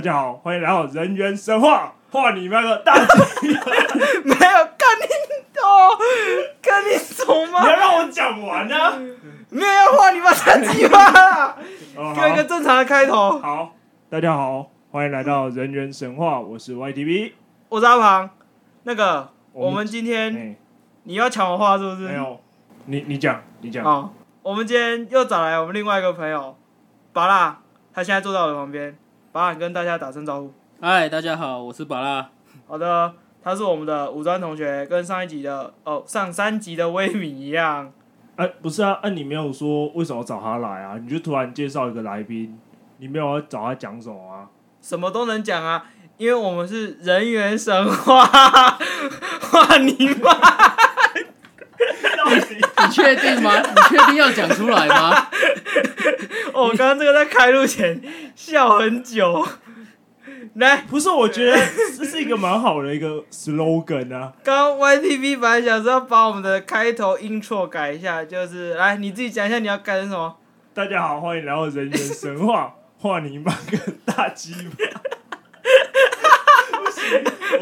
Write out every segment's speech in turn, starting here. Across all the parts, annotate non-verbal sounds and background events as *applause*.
大家好，歡迎來到《人猿神話》，畫你媽個大雞巴， *laughs* 沒有跟你說，跟、哦、你說嗎？你要讓我講完呢、啊？ *laughs* 沒有要畫你媽大雞巴啦？給我、哦、一個正常的開頭。好，大家好，歡迎來到《人猿神話》，我是 YTV，我是 YTV 我是阿龐。那個、哦，我們今天、欸、你要搶我話是不是？沒有，你你講，你講。啊，我們今天又找來我們另外一個朋友，芭樂，他現在坐在我的旁邊。芭樂跟大家打聲招呼。嗨，大家好，我是芭樂。好的，他是我們的五專同學，跟上一集的哦，上三集的威米一樣。哎、啊，不是啊，那、啊、你沒有說為什麼找他來啊？你就突然介紹一個來賓，你沒有要找他講什麼啊？什麼都能講啊，因為我們是人猿神話，哇你媽！ *laughs* *laughs* 你確 *laughs* 定嗎？ *laughs* 你確定要講出來嗎？ *laughs* *laughs* 哦，我剛剛這個在開錄前笑很久，來，不是，我覺得這是一個蠻好的一個 slogan 啊。剛 y t 本來想說把我們的開頭 intro 改一下，就是來，你自己講一下你要改成什麼？大家好，歡迎來到人人神話，畫 *laughs* 你媽個大雞巴！ *laughs* 不行，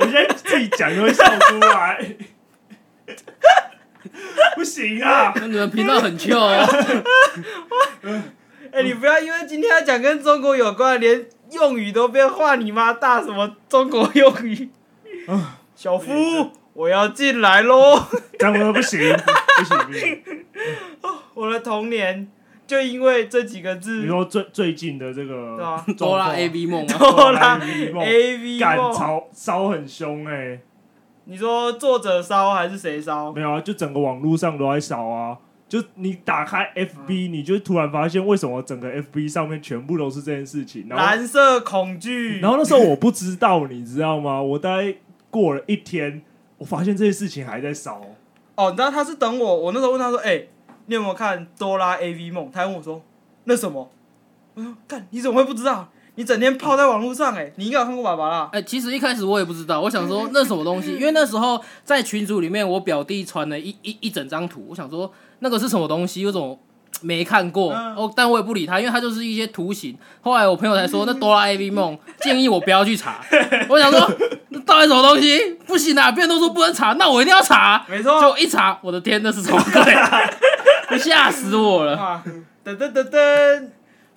我現在自己講就會笑出來。 *laughs* *laughs* 不行啊！那你們頻道很舊。哎， *laughs* 你不要因為今天要講跟中國有關，連用語都變化你媽大什麼中國用語。 *laughs* 小夫， *laughs* 我要進來嘍。張 *laughs* 博，不行，不行不行。 *laughs* *laughs* 我的童年就因為這幾個字。比如說最最近的這個，哆、啊、啦 A V 夢，哆啦 A V 夢，感超燒很凶哎、欸。你說作者燒還是誰燒？沒有啊，就整個網絡上都在燒啊！就你打開 FB，嗯、你就突然發現為什麼整個 FB 上面全部都是這件事情然後。藍色恐懼。然後那時候我不知道，你知道嗎？我大概過了一天，我發現這些事情還在燒。哦，你知道他是等我，我那時候問他說：“誒、欸，你有沒有看多拉 A V 夢？”他問我說：“那什麼？”我說：“看你怎麼會不知道？”你整天泡在網絡上哎、欸，你應該有看過芭樂啦、啊。哎、欸，其實一開始我也不知道，我想說那什麼東西，因為那時候在群組裡面，我表弟傳了一一一整張圖，我想說那個是什麼東西，有種沒看過。哦、嗯，但我也不理他，因為他就是一些圖形。後來我朋友才說那哆啦 A 夢，建議我不要去查。嗯、我想說那到底什麼東西？不行啊，別人都說不能查，那我一定要查。沒錯。就一查，我的天，那是什麼鬼？嚇 *laughs* 死我了、啊。噔噔噔噔、噔。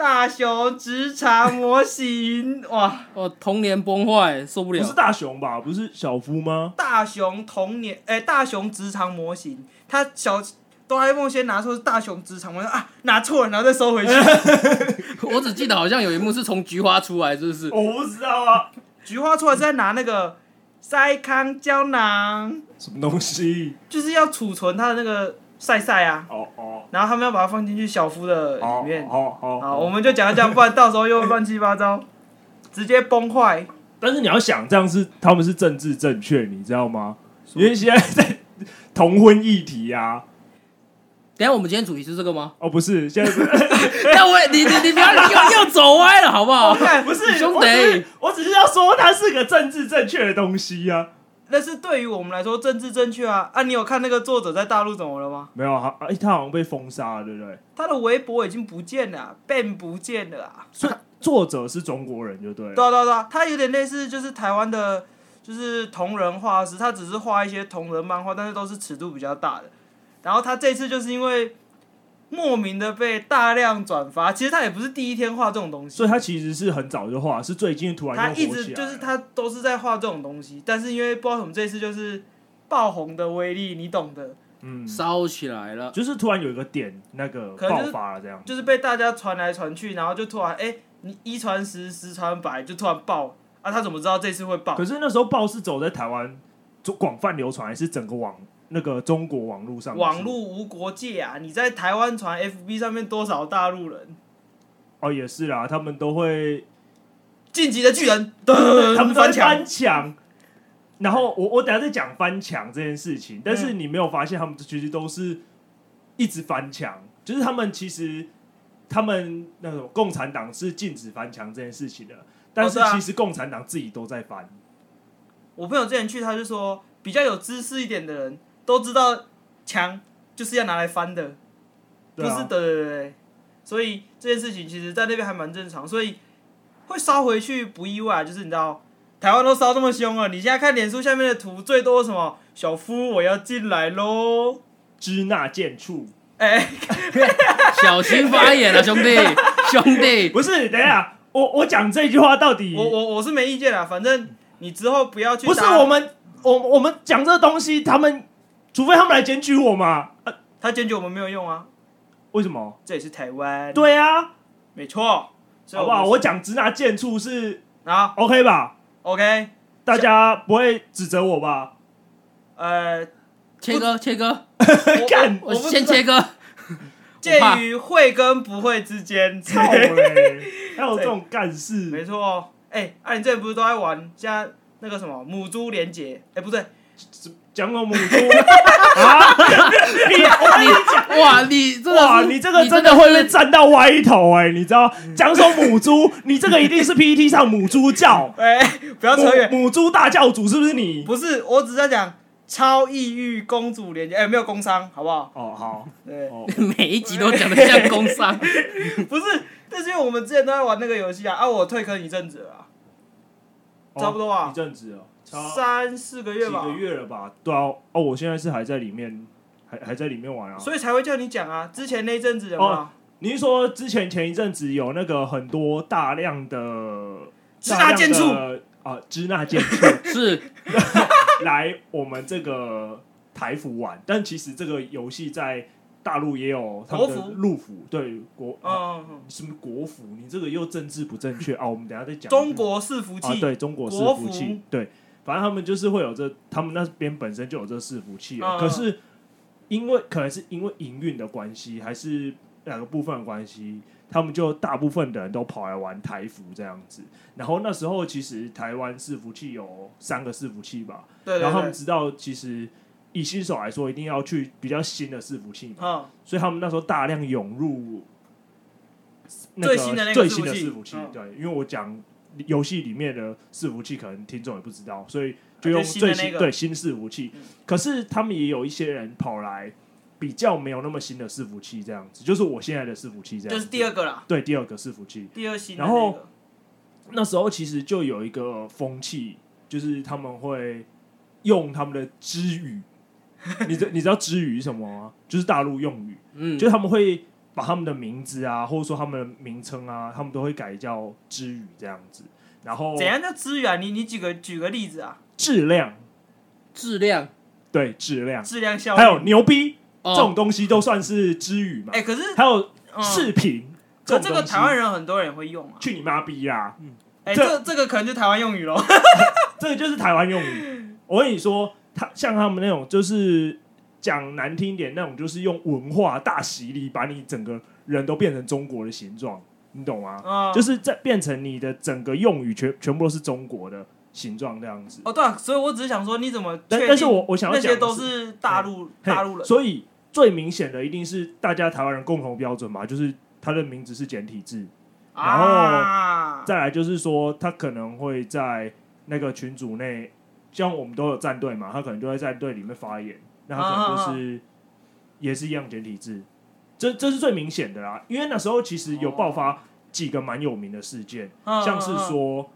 大熊直腸模型哇、哦！童年崩壞，受不了。不是大熊吧？不是小夫嗎？大熊童年哎、欸，大熊直腸模型，他小哆啦 A 夢先拿出是大熊直腸模型啊，拿錯了，然後再收回去。欸、 *laughs* 我只記得好像有一幕是從菊花出來，是不是？我不知道啊。菊花出來是在拿那個塞康膠囊，什麼東西？就是要儲存他的那個。曬曬啊，oh, oh. 然後他們要把它放進去小夫的裡面，oh, oh, oh, oh, oh. 好，我們就講這樣，不然到時候又亂七八糟， *laughs* 直接崩壞。但是你要想，這樣是他們是政治正確，你知道嗎？因為現在，在同婚議題啊，等一下我們今天主題是這個嗎？哦，不是，現在不是，那 *laughs* *laughs* 我你你不要 *laughs* 又又，又走歪了，好不好？ *laughs* 不是兄弟我是，我只是要說它是個政治正確的東西呀、啊。但是對於我們來說政治正確啊！啊，你有看那個作者在大陸怎麼了嗎？沒有啊，欸，他好像被封殺了，對不對？他的微博已經不見了啊，變不見了啊！所以作者是中國人，就對。對啊，對啊，對啊，他有點類似就是台灣的，就是同人畫師，他只是畫一些同人漫畫，但是都是尺度比較大的。然後他這次就是因為。莫名的被大量轉發，其實他也不是第一天畫這種東西，所以他其實是很早就畫，是最近突然他一直就是他都是在畫這種東西，但是因為不知道什麼這次就是爆紅的威力，你懂的，嗯，燒起來了，就是突然有一個點那個爆發了這樣，就是，就是被大家傳來傳去，然後就突然哎，欸，你一傳十，十傳百，就突然爆啊！他怎麼知道這次會爆？可是那時候爆是走在台灣就廣泛流傳，還是整個網？那個中國網絡上，網絡無國界啊！你在台灣傳 FB 上面多少大陸人？哦，也是啦，他們都會晉級的巨人， *laughs* 他們翻牆。翻牆。然後我我等下再講翻牆這件事情，但是你沒有發現他們其實都是一直翻牆、嗯，就是他們其實他們那種共產黨是禁止翻牆這件事情的，但是其實共產黨自己都在翻、哦，對啊。我朋友之前去，他就說比較有知識一點的人。都知道，牆就是要拿來翻的，不、啊就是對對對，所以這件事情其實在那邊還蠻正常，所以會燒回去不意外。就是你知道，台灣都燒這麼兇了，你現在看臉書下面的圖，最多是什麼？小夫我要進來嘍，支那賤畜哎，欸欸 *laughs* *laughs* 小心發言了、啊，兄弟 *laughs* 兄弟，不是，等一下，我我講這句話到底，我我我是沒意見啦，反正你之後不要去。不是我們，我我們講這東西，他們。除非他們來檢舉我嘛？啊、他檢舉我們沒有用啊？為什麼？這裡是台灣。對啊，沒錯。好不好？我講直納諫處是啊，OK 吧？OK，大家不會指責我吧？呃，切割切割， *laughs* 幹，我，我先切割。介於會跟不會之間，操嘞！ *laughs* 還有這種幹事，沒錯。哎、欸，哎、啊，你這裡不是都在玩加那個什麼母豬連結？哎、欸，不對。講我母豬 *laughs* 啊！你我跟你，你哇！你這個哇！你這個真的會被站到歪頭哎、欸！你知道講說、嗯、母豬，你這個一定是 PTT 上母豬教哎！不要扯遠，母豬大教主是不是你？不是，我只是在講超異域公主連結哎、欸，沒有工商，好不好？哦好，對，哦、 *laughs* 每一集都講的像工商， *laughs* 不是？但、就是因為我們之前都在玩那個遊戲啊啊！我退坑一陣子了、啊。哦、差不多啊，一陣子哦，差三四個月吧，幾個月了吧？對要、啊，哦，我現在是還在裡面，還還在裡面玩啊，所以才會叫你講啊。之前那陣子的話，你、哦、說之前前一陣子有那個很多大量的支那建築啊，支、哦、那建築 *laughs* 是 *laughs* 來我們這個台服玩，但其實這個遊戲在。大陸也有他們陸服、國服，陸服對、國、啊啊，什麼國服？你這個又政治不正確啊！我們等下再講。中國伺服器、啊，對，中國伺服器國服，對，反正他們就是會有這，他們那邊本身就有這伺服器了、啊、可是因為可能是因為營運的關係，還是兩個部分的關係，他們就大部分的人都跑來玩台服這樣子。然後那時候其實台灣伺服器有三個伺服器吧？對、對、對。然後他們知道，其實。以新手來說，一定要去比較新的伺服器嘛，哦，所以他們那時候大量湧入那個最新的那個最新的伺服器，哦。對，因為我講遊戲裡面的伺服器，可能聽眾也不知道，所以就用最新、啊就是新的那個，對新伺服器，嗯。可是他們也有一些人跑來比較沒有那麼新的伺服器，這樣子就是我現在的伺服器這樣，就是第二個了。對，第二個伺服器，第二新的那個。然後那時候其實就有一個風氣，就是他們會用他們的支語。你 *laughs* 知你知道“知語”什麼嗎？就是大陸用語，嗯，就他們會把他們的名字啊，或者說他們的名稱啊，他們都會改叫“知語”這樣子。然後怎樣叫“知語”啊？你你舉個舉個例子啊？質量，質量，對，質量，質量效，還有牛逼，oh. 這種東西都算是“知語”嘛？哎、欸，可是還有視頻，嗯、這，這個台灣人很多人會用啊！去你媽逼啊嗯、欸、這這，這個可能就是台灣用語嘍、 *laughs* 啊，這個就是台灣用語。 *laughs* 我跟你說。他像他們那種，就是講難聽點，那種就是用文化大洗禮，把你整個人都變成中國的形狀，你懂嗎？哦、就是在變成你的整個用語全全部都是中國的形狀這樣子。哦，對、啊，所以我只是想說，你怎麼但？但但是我我想要講，那些都是大陸、嗯、大陸人。所以最明顯的一定是大家台灣人共同標準嘛，就是他的名字是簡體字。然後再來就是說，他可能會在那個群組內。像我們都有戰隊嘛，他可能就會在隊裡面發言，那他可能就是、啊、哈哈也是一樣簡體字，這這是最明顯的啦。因為那時候其實有爆發幾個蠻有名的事件，啊、像是說、啊、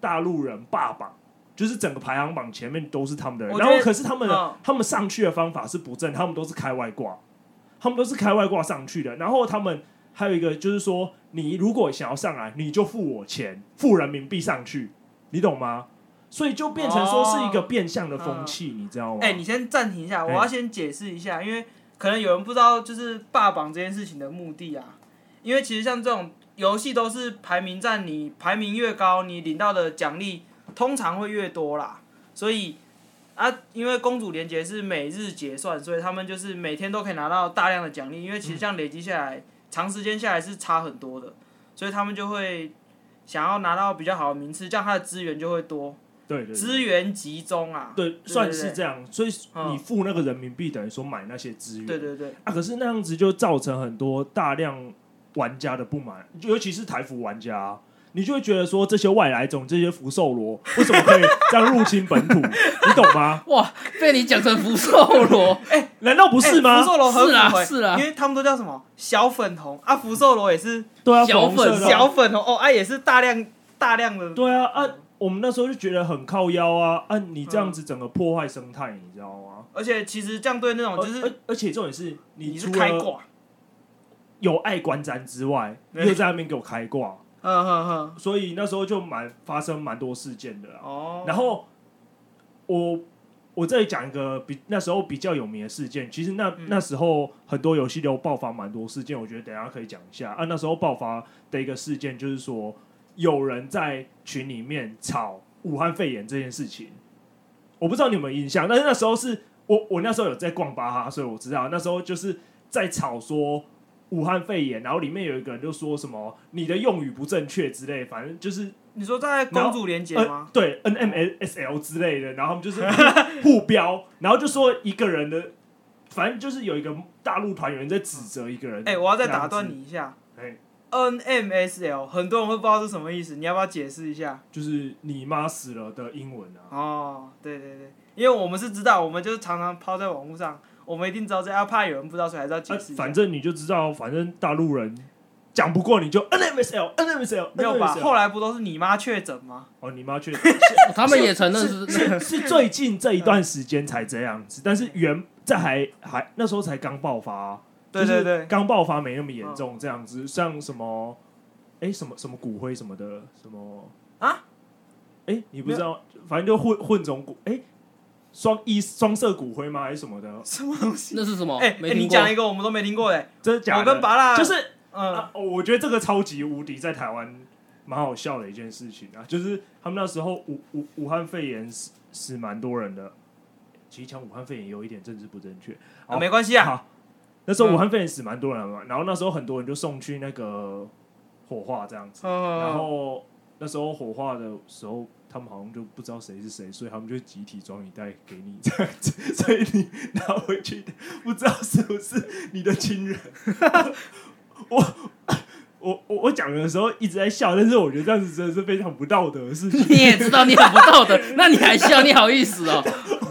大陸人霸榜，就是整個排行榜前面都是他們的人，然後可是他們、啊、他們上去的方法是不正，他們都是開外掛，他們都是開外掛上去的。然後他們還有一個就是說，你如果想要上來，你就付我錢，付人民幣上去，你懂嗎？所以就變成說是一個變相的風氣、哦嗯，你知道嗎？哎、欸，你先暫停一下，我要先解釋一下、欸，因為可能有人不知道，就是霸榜這件事情的目的啊。因為其實像這種遊戲都是排名戰，你排名越高，你領到的獎勵通常會越多啦。所以啊，因為公主連結是每日結算，所以他們就是每天都可以拿到大量的獎勵。因為其實這樣累積下來，嗯、長時間下來是差很多的，所以他們就會想要拿到比較好的名次，這樣他的資源就會多。對對對，資源集中啊，對，對，對，對，算是這樣，所以你付那個人民幣等於說買那些資源，嗯，對對對啊。可是那樣子就造成很多大量玩家的不滿，尤其是台服玩家，啊，你就會覺得說這些外來種，這些福壽螺為什麼可以這樣入侵本土？ *laughs* 你懂嗎？哇，被你講成福壽螺，， *laughs* 欸，難道不是嗎？欸，福壽螺是啊，是啊，因為他們都叫什麼小粉紅啊，福壽螺也是小粉，對，啊，粉紅小粉紅，小粉紅哦，啊也是大量大量的，對啊啊。嗯我們那時候就覺得很靠腰啊，啊，你這樣子整個破壞生態，你知道嗎、嗯？而且其實這樣對那種就是，而,而且重點是，你除了有礙觀瞻之外，又在那邊給我開掛，嗯嗯嗯,嗯。所以那時候就蠻發生蠻多事件的、啊、哦。然後我我這裡講一個比那時候比較有名的事件，其實那、嗯、那時候很多遊戲都爆發蠻多事件，我覺得等下可以講一下啊。那時候爆發的一個事件就是說。有人在群裡面吵武漢肺炎這件事情，我不知道你有沒有印象，但是那時候是我，我那時候有在逛巴哈，所以我知道那時候就是在吵說武漢肺炎，然後裡面有一個人就說什麼你的用語不正確之類，反正就是你說在公主連結嗎？呃、對，NMSL 之類的，然後他們就是互標， *laughs* 然後就說一個人的，反正就是有一個大陸團員在指責一個人，哎、欸，我要再打斷你一下。NMSL，很多人會不知道是什麼意思，你要不要解釋一下？就是你媽死了的英文啊。哦，對對對，因為我們是知道，我們就是常常拋在網絡上，我們一定知道這，這要怕有人不知道誰，所以還在解釋、呃。反正你就知道，反正大陸人講不過你就 NMSL，NMSL NMSL，NMSL 沒有吧？後來不都是你媽確診嗎？哦，你媽確診， *laughs* 哦、他們也承認是是，是，是，是，是最近這一段時間才這樣子，但是原在還還那時候才剛爆發、啊。對對對，剛、就是、爆發沒那麼嚴重，這樣子、哦、像什麼？哎、欸，什麼什麼骨灰什麼的，什麼啊？哎、欸，你不知道，反正就混混種骨，哎、欸，雙一雙色骨灰嗎？還、欸、是什麼的？什麼東西？那是什麼？哎、欸欸、你講一個，我們都沒聽過的。哎，真的假的？我跟芭樂。就是，嗯、呃啊，我覺得這個超級無敵在台灣蠻好笑的一件事情啊，就是他們那時候武武漢肺炎死死蠻多人的，其實講武漢肺炎有一點政治不正確，啊，沒關係啊。好。那時候武漢肺炎死蠻多人嘛、嗯，然後那時候很多人就送去那個火化這樣子、哦，然後那時候火化的時候，他們好像就不知道誰是誰，所以他們就集體裝一袋給你這樣子，所以你拿回去不知道是不是你的親人。 *laughs* *laughs* 我我我，我講的時候一直在笑，但是我覺得這樣子真的是非常不道德的事情。 *laughs* 你也知道你很不道德， *laughs* 那你還笑，你好意思哦？ *laughs* 我覺得你這個跟怎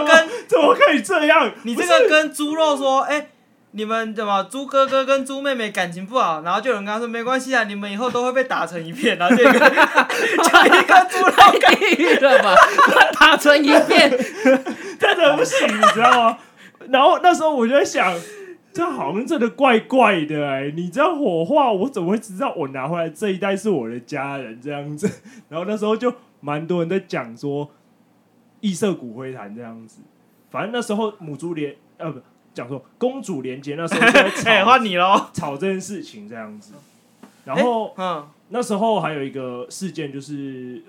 麼，怎麼可以這樣？你這個跟豬肉說，哎、欸，你們怎麼豬哥哥跟豬妹妹感情不好？然後就有人跟他說沒關係啊，你們以後都會被打成一片、啊。然後講一個豬肉監獄了吧， *laughs* 打成一片，真 *laughs* 的不行，你知道嗎？ *laughs* 然後那時候我就在想，這好像真的怪怪的哎、欸。你這樣火化，我怎麼會知道我拿回來這一袋是我的家人這樣子？然後那時候就蠻多人在講說。異色骨灰壇這樣子，反正那時候母豬連，呃，不講說公主連結那時候說切換你咯，吵這件事情這樣子。然後、欸、嗯，那時候還有一個事件就是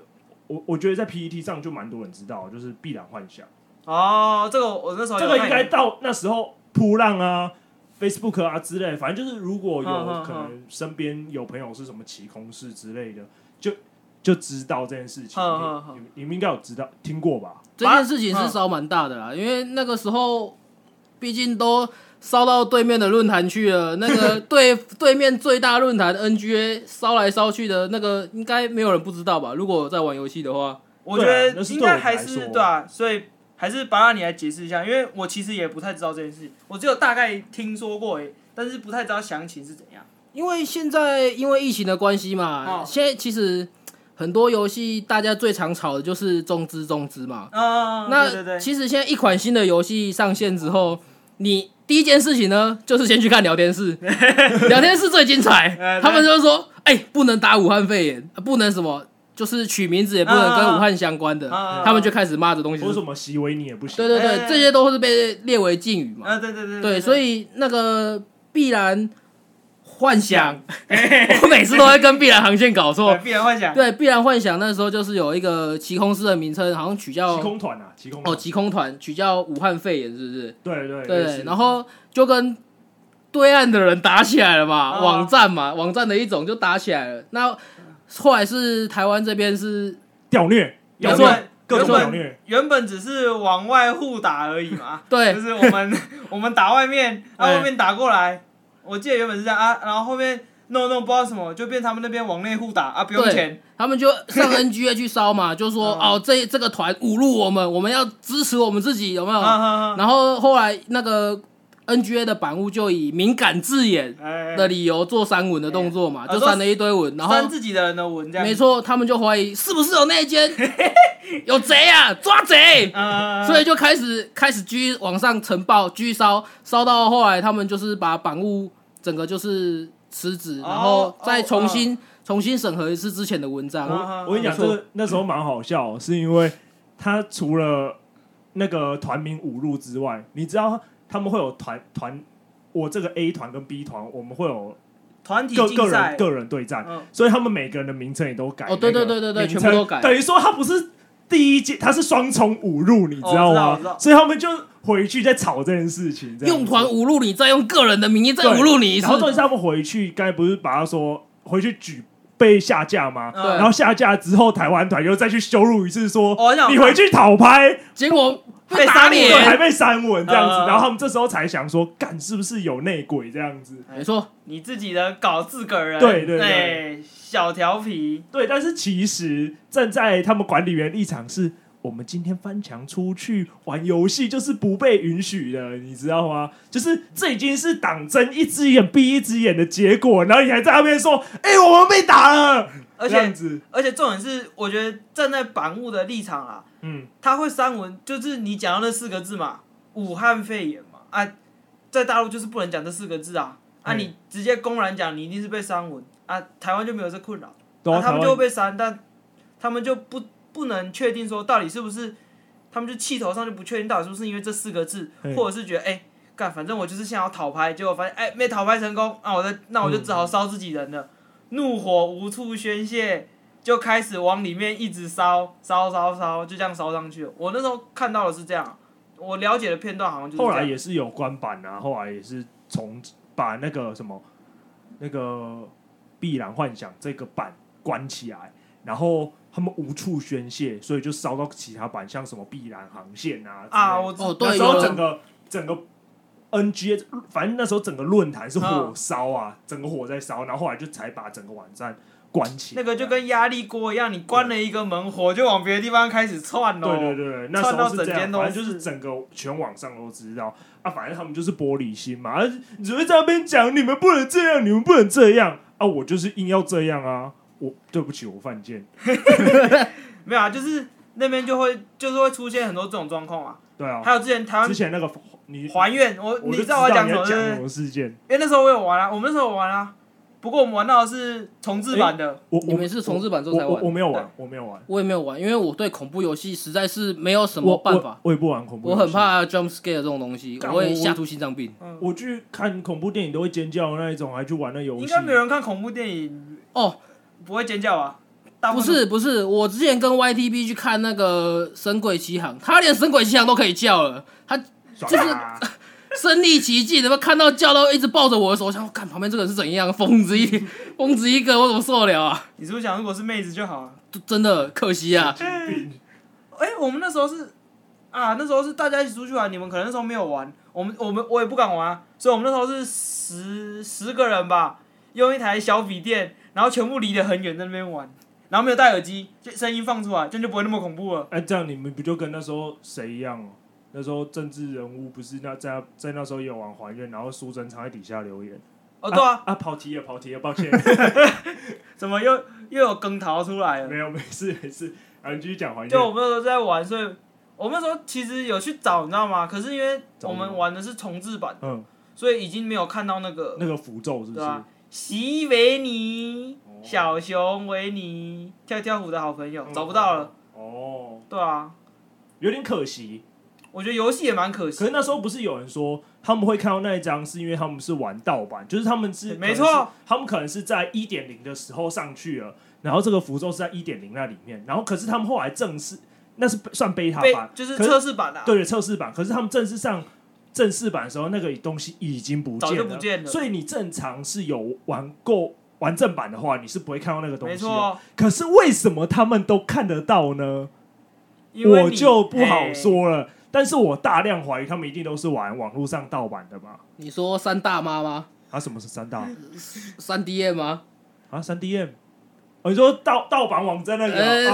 我我覺得在 PTT 上就蠻多人知道就是碧藍幻想哦，這個我那時候這個應該到那時候噗浪、嗯、啊 Facebook 啊之類，反正就是如果有、嗯嗯、可能身邊有朋友是什麼騎空士之類的就。就知道這件事情，呵呵呵你們應該有知道聽過吧、啊？這件事情是燒蠻大的啦、啊，因為那個時候畢竟都燒到對面的論壇去了。那個對 *laughs* 對面最大論壇 NGA 燒來燒去的那個，應該沒有人不知道吧？如果在玩遊戲的話，我覺得應該還是對啊，所以還是芭樂你來解釋一下，因為我其實也不太知道這件事情，我只有大概聽說過、欸，但是不太知道詳情是怎樣。因為現在因為疫情的關係嘛、啊，現在其實。很多遊戲大家最常吵的就是中資中資嘛，啊，那其實現在一款新的遊戲上線之後，你第一件事情呢就是先去看聊天室， *laughs* 聊天室最精彩。他們就是說，哎，不能打武漢肺炎，不能什麼，就是取名字也不能跟武漢相關的，他們就開始罵這東西。不是什麼習為你也不行？對對對、對，這些都是被列為禁語嘛。對對對，對，所以那個必然。幻想、嗯，嘿嘿嘿 *laughs* 我每次都會跟碧藍航線搞錯。 *laughs* 碧藍幻想對，對碧藍幻想，那時候就是有一個騎空士的名稱，好像取叫騎空團啊，騎空團，哦，騎空團取叫武漢肺炎是不是？對對對，對。然後就跟對岸的人打起來了嘛，哦啊、網站嘛，網站的一種就打起來了。那後，後來是台灣這邊是屌虐，屌虐，各種屌虐。原本，本，本，本只是往外互打而已嘛， *laughs* 對，就是我們我們打外面，然後外面打過來。欸我記得原本是這樣啊，然後後面弄弄不知道什麼，就變他們那邊網內互打啊，不用錢，他們就上 N G A 去燒嘛， *laughs* 就說、uh -huh. 哦，這這個團侮辱我們，我們要支持我們自己，有沒有？Uh、-huh -huh. 然後後來那個 N G A 的版務就以敏感字眼的理由做刪文的動作嘛，uh -huh. 就刪了一堆文，uh -huh. 然後刪自己的人的文，這樣沒錯，他們就懷疑是不是有內奸， *laughs* *laughs* 有賊啊，抓賊，uh -huh. 所以就開始開始繼續往上呈報繼續燒燒到後來，他們就是把版務。整個就是辭職，然後再重新重新審核一次之前的文章。哦哦啊嗯啊我。我跟你講，啊嗯，這那時候蠻好笑，嗯，是因為他除了那個團名侮辱之外，你知道他們會有團團，我這個 A 團跟 B 團，我們會有團體競賽、個人、個人對戰，哦，所以他們每個人的名稱也都改哦，那個。哦，對對對對對，全部都改，等於說他不是。第一件，他是雙重侮辱，你知道嗎、哦知道知道？所以他們就回去在吵這件事情，用團侮辱你，再用個人的名義再侮辱你是對。然後最後他們回去，剛才不是把他說回去舉被下架嗎對？然後下架之後，台灣團又再去羞辱一次說，說、哦、你回去討拍，結果被打臉，還被刪文這樣子呵呵。然後他們這時候才想說，幹是不是有內鬼這樣子？沒錯，你自己的搞自個人，對對對。欸小調皮，對，但是其實站在他們管理員立場是，是我們今天翻牆出去玩遊戲就是不被允許的，你知道嗎？就是這已經是黨睜一只眼閉一只眼的結果，然後你還在那邊說：“哎、欸，我們被打了。”而且而且重點是，我覺得站在版務的立場啊，嗯，他會刪文，就是你講到那四個字嘛，武漢肺炎嘛，啊，在大陸就是不能講這四個字啊，啊，你直接公然講，你一定是被刪文。啊，台灣就沒有這困擾，然、哦、後、啊、他們就會被刪，但他們就不不能確定說到底是不是他們就氣頭上，就不確定到底是不是因為這四個字，或者是覺得哎、幹、欸、反正我就是想要討拍，結果發現哎、欸、沒討拍成功，那、啊、我在那我就只好燒自己人了、嗯，怒火無處宣洩，就開始往裡面一直燒燒燒燒，就這樣燒上去了。我那時候看到的是這樣，我了解的片段好像就是後來也是有關版啊，後來也是從把那個什麼那個。碧藍幻想這個板關起來，然後他們無處宣泄，所以就燒到其他板，像什麼碧藍航線啊啊，我、哦、對了，那時候整個整個 NGA，反正那時候整個論壇是火燒啊、哦，整個火在燒，然後後來就才把整個網站關起。那個就跟壓力鍋一樣，你關了一個門火，火就往別的地方開始竄嘍、哦。對對對，對，竄到整間都，反正就是整個全網上都知道啊。反正他們就是玻璃心嘛，啊、你只會在那邊講，你們不能這樣，你們不能這樣。啊，我就是硬要這樣啊！我對不起，我犯賤。 *laughs* *laughs* 沒有啊，就是那邊就會，就是會出現很多這種狀況啊。對啊，還有之前台灣之前那個你還願，我，我知你知道我要講什麼事件？哎，對對對，因為那時候我有玩啊，我們那時候有玩啊。不過我們玩到的是重製版的、欸我我，你們是重製版之後才玩我我我，我沒有玩，我沒有玩，我也沒有玩，因為我對恐怖遊戲實在是沒有什麼辦法，我，我，我也不玩恐怖，我很怕 jump scare 這種東西，我會嚇出心臟病我我我。我去看恐怖電影都會尖叫那一種，還去玩那遊戲，應該沒人看恐怖電影哦，oh, 不會尖叫啊，不是不是，我之前跟 Y T B 去看那個《神鬼奇航》，他連《神鬼奇航》都可以叫了，他就是。身歷其境！怎麼看到叫到一直抱着我的時候，我想看、喔、旁邊這個人是怎樣，瘋子一瘋子一個，我怎麼受得了啊？你是不是想如果是妹子就好了、啊？真的可惜啊。哎、欸，我們那時候是啊，那時候是大家一起出去玩，你們可能那時候沒有玩，我們我們我也不敢玩，所以我們那時候是十十個人吧，用一台小筆電，然後全部離得很遠在那邊玩，然後沒有戴耳機，聲音放出來，這樣就不會那麼恐怖了。哎、啊，這樣你們不就跟那時候誰一樣了？那時候政治人物不是那在在那時候也有玩還願，然後蘇貞昌在底下留言。哦，啊對啊，啊跑題了，跑題了，抱歉。 *laughs* *laughs* 怎麼又又有更逃出來了？沒有，沒事沒事、啊，繼續講還願，就我們那時候在玩，所以我們那時候其實有去找，你知道嗎？可是因為我們玩的是重置版，嗯，所以已經沒有看到那個那個符咒，是不是？習維尼、小熊維尼跳跳虎的好朋友找不到了，、嗯嗯。哦，對啊，有點可惜。我覺得遊戲也蠻可惜。可是那時候不是有人說他們會看到那一張，是因為他們是玩盜版，就是他們是、欸、沒錯是，他們可能是在一點零的時候上去了，然後這個福州是在一點零那裡面，然後可是他們後來正式那是算 beta 版，就是測試版的、啊，對的，測試版。可是他們正式上正式版的時候，那個東西已經不見了，見了所以你正常是有玩過玩正版的話，你是不會看到那個東西的。的。可是為什麼他們都看得到呢？因為我就不好說了。但是我大量懷疑他們一定都是玩網絡上盜版的嘛。你說三大媽嗎？啊，什麼是三大？三 *laughs* DM 嗎？啊，三 DM？、哦、你說盜盜版網站那裡、啊？呃、欸，那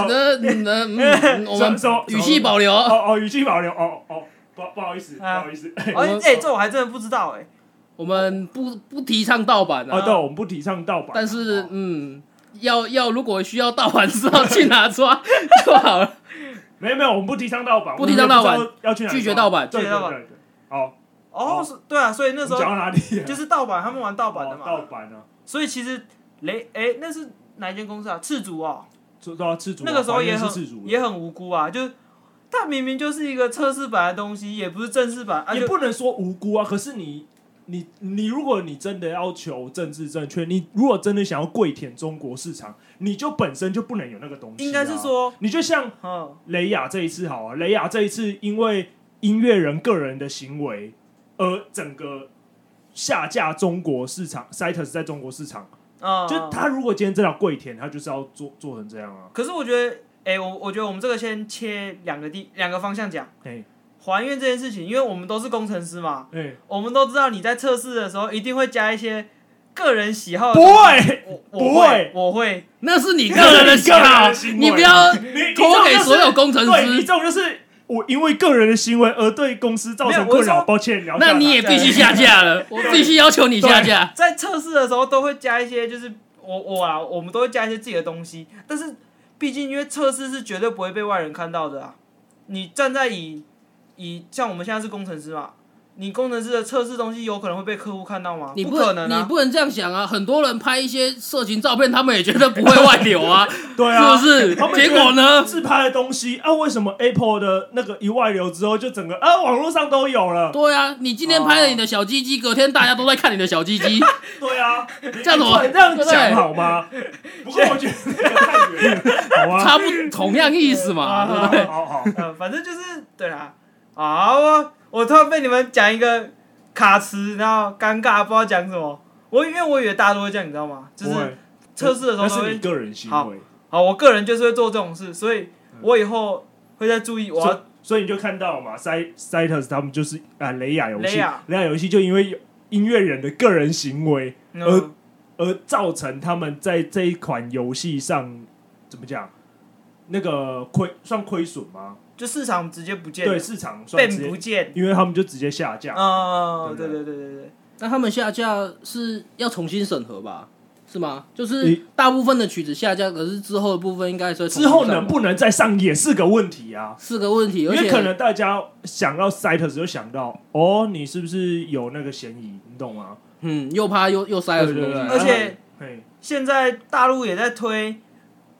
那我們語氣保留。哦哦，語氣保留。哦哦不，不好意思，啊、不好意思、啊哎哎。哎，哎，這我還真的不知道哎、欸。我們不不提倡盜版的啊，對、啊，我們不提倡盜版。但是，嗯，要、哦、要，要如果需要盜版的時候， *laughs* 去哪抓就好了。 *laughs* 沒有沒有，我們不提倡盜版，不提倡盜版，要去哪拒絕盜版，拒絕盜版、啊。好哦，哦，對啊，所以那時候講到哪裡、啊？就是盜版，他們玩盜版的嘛，哦、盜版啊。所以其實雷哎，那是哪一間公司啊？赤燭哦，啊，赤燭。那個時候也很也很無辜啊，就是他明明就是一個測試版的東西，也不是正式版，啊、也不能說無辜啊。可是你你你，你你如果你真的要求政治正確，你如果真的想要跪舔中國市場。你就本身就不能有那個東西、啊。應該是說，你就像雷亞這一次，好啊，嗯嗯、雷亞這一次因為音樂人個人的行為，而整個下架中國市場 Cytus 在中國市場，啊、嗯，就他如果今天真的跪舔，他就是要做做成這樣啊。可是我覺得，哎、欸，我我覺得我們這個先切兩個地兩個方向講、欸，還原這件事情，因為我們都是工程師嘛，嗯、欸，我們都知道你在測試的時候一定會加一些。個人喜好不會，不會，我會。那是你個人的喜好，你，行為你不要拖給所有工程師。你，你這種就是這種、就是、我因為個人的行為而對公司造成困擾。抱歉，那你也必須下架了，我必須要求你下架。在測試的時候都會加一些，就是我我啊，我們都會加一些自己的東西。但是畢竟因為測試是絕對不會被外人看到的啊。你站在以以像我們現在是工程師嘛？你工程師的測試東西有可能會被客戶看到嗎？你不，不可能，啊，你不能這樣想啊！很多人拍一些色情照片，他們也覺得不會外流啊，對，對是不是？結果呢？自拍的東西啊，為什麼 Apple 的那個一外流之後，就整個啊網絡上都有了？對啊，你今天拍了你的小雞雞，哦，隔天大家都在看你的小雞雞。 *laughs* 對啊，麼這樣子，我這樣講好嗎？不過我覺得太遠了，好啊，差不多同樣意思嘛，嗯啊、對不對、啊啊好好好好啊？反正就是對啊，好啊。好好好我突然被你們講一個卡詞，然後尷尬，不知道講什麼。我因為我以為大家都會這樣，你知道嗎？就是測試的時候，那是你個人行為好。好，我個人就是會做這種事，所以、嗯、我以後會再注意我。我所，所以你就看到嘛，Cytus 他們就是啊雷亞遊戲，雷亞遊戲就因為音樂人的個人行為而、嗯、而造成他們在這一款遊戲上怎麼講那個虧算虧損嗎？就市場直接不見，對，市場算直不見，因為他們就直接下架。啊、oh，對對對對，那他們下架是要重新審核吧？是嗎？就是大部分的曲子下架，可是之後的部分應該說之後能不能再上也是個問題啊，是個問題。而且因為可能大家想到 site 時，就想到哦，你是不是有那個嫌疑？你懂嗎？嗯，又怕又又塞了東西，而且，現在大陸也在推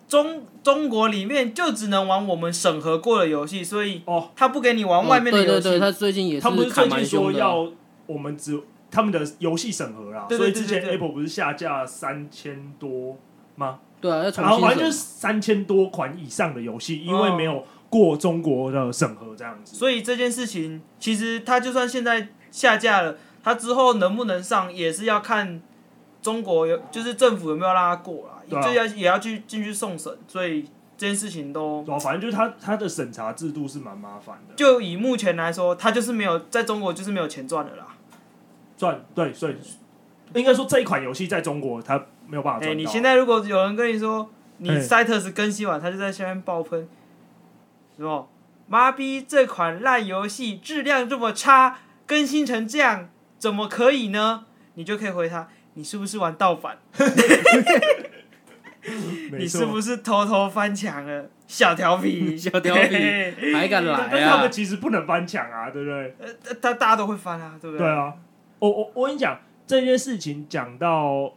中。中國裡面就只能玩我們審核過的遊戲，所以哦，他不給你玩外面的遊戲。哦、對對對，他最近也是，他不是最近說要我們只他們的遊戲審核啊，所以之前 Apple 不是下架了三千多嗎？對啊，然後反正就是三千多款以上的遊戲，因為沒有過中國的審核這樣子。哦、所以這件事情，其實他就算現在下架了，他之後能不能上，也是要看中國有，就是政府有沒有讓他過了。啊、就要也要去進去送審，所以這件事情都，反正就是他他的審查制度是蠻麻煩的。就以目前來說，他就是沒有在中國就是沒有錢賺的啦。賺，對，所以應該說，這一款遊戲在中國他沒有辦法賺、欸。你現在如果有人跟你說，你 Cytus 更新完，他就在下面爆噴，是、欸、吧？媽逼，這款爛遊戲質量這麼差，更新成這樣怎麼可以呢？你就可以回他，你是不是玩盜版？ *laughs* *laughs* 嗯、你是不是偷偷翻牆啊？小調皮，小調皮，還敢來啊？但但他們其實不能翻牆啊，對不對？他、呃、大，大家都會翻啊，對不對？對啊，我我我跟你講這件事情，講到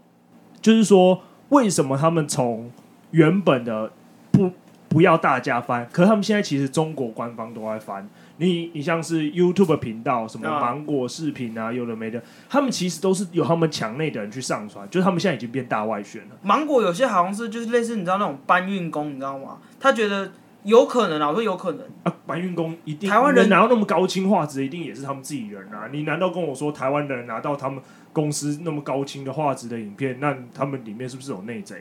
就是說，為什麼他們從原本的不不要大家翻，可是他們現在其實中國官方都在翻。你你像是 YouTube 頻道，什麼芒果視頻啊，啊，有的沒的，他們其實都是有他們牆內的人去上傳，就是他們現在已經變大外宣了。芒果有些好像是就是類似你知道那種搬運工，你知道嗎？他覺得有可能啊，我說有可能啊。搬運工一定台灣人拿到那麼高清畫質，一定也是他們自己人啊。你難道跟我說台灣的人拿到他們公司那麼高清的畫質的影片，那他們裡面是不是有內賊？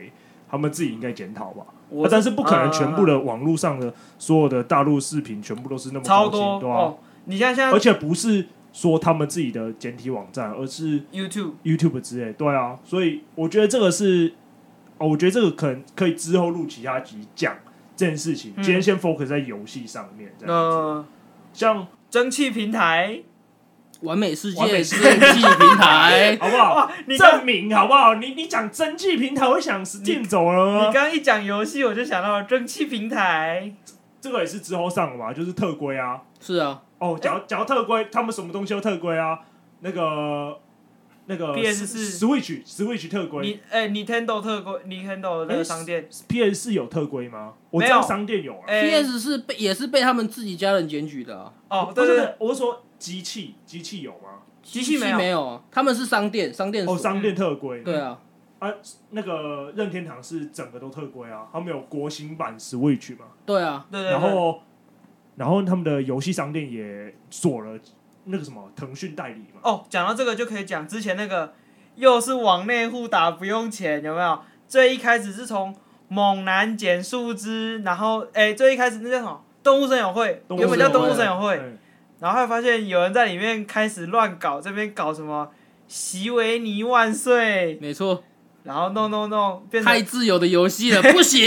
他們自己應該檢討吧。啊、但是不可能全部的網絡上的所有的大陸視頻全部都是那麼高清，對吧？啊哦？你像現，現在，而且不是說他們自己的簡體網站，而是 YouTube、YouTube 之類，對啊。所以我覺得這個是，哦，我覺得這個可能可以之後錄其他集講這件事情、嗯，今天先 focus 在遊戲上面，這樣子、嗯。像蒸汽平台。完美世界蒸汽平台， *laughs* 好不好？證明好不好？你你講蒸汽平台，我想進走了嗎你？你剛剛一講遊戲，我就想到蒸汽平台這。這個也是之後上的嘛，就是特規啊。是啊，哦，講講、欸、特規，他們什麼東西都特規啊？那個那個 P S 四 Switch Switch 特規，你、欸、哎，Nintendo 特規，Nintendo 那個商店、欸、P S 四有特規嗎？我知道商店有啊。P S 四被也是被他們自己家人檢舉的哦。但是，我是說。機器機器有嗎？機器，機器沒有，他們是商店商店哦，商店特規、嗯、對啊，嗯、啊那個任天堂是整個都特規啊，他們有國行版 Switch 嘛？對啊，對，對，對然後然後他們的遊戲商店也鎖了那個什麼騰訊代理嘛？哦，講到這個就可以講之前那個又是網內互打不用錢有沒有？最一開始是從猛男剪樹枝然後哎最、欸、一開始那叫什麼動物森友會，原本叫動物森友會。欸然後還發現有人在裡面開始亂搞，這邊搞什麼“習維尼萬歲”？沒錯。然後弄弄弄，變太自由的遊戲了， *laughs* 不行，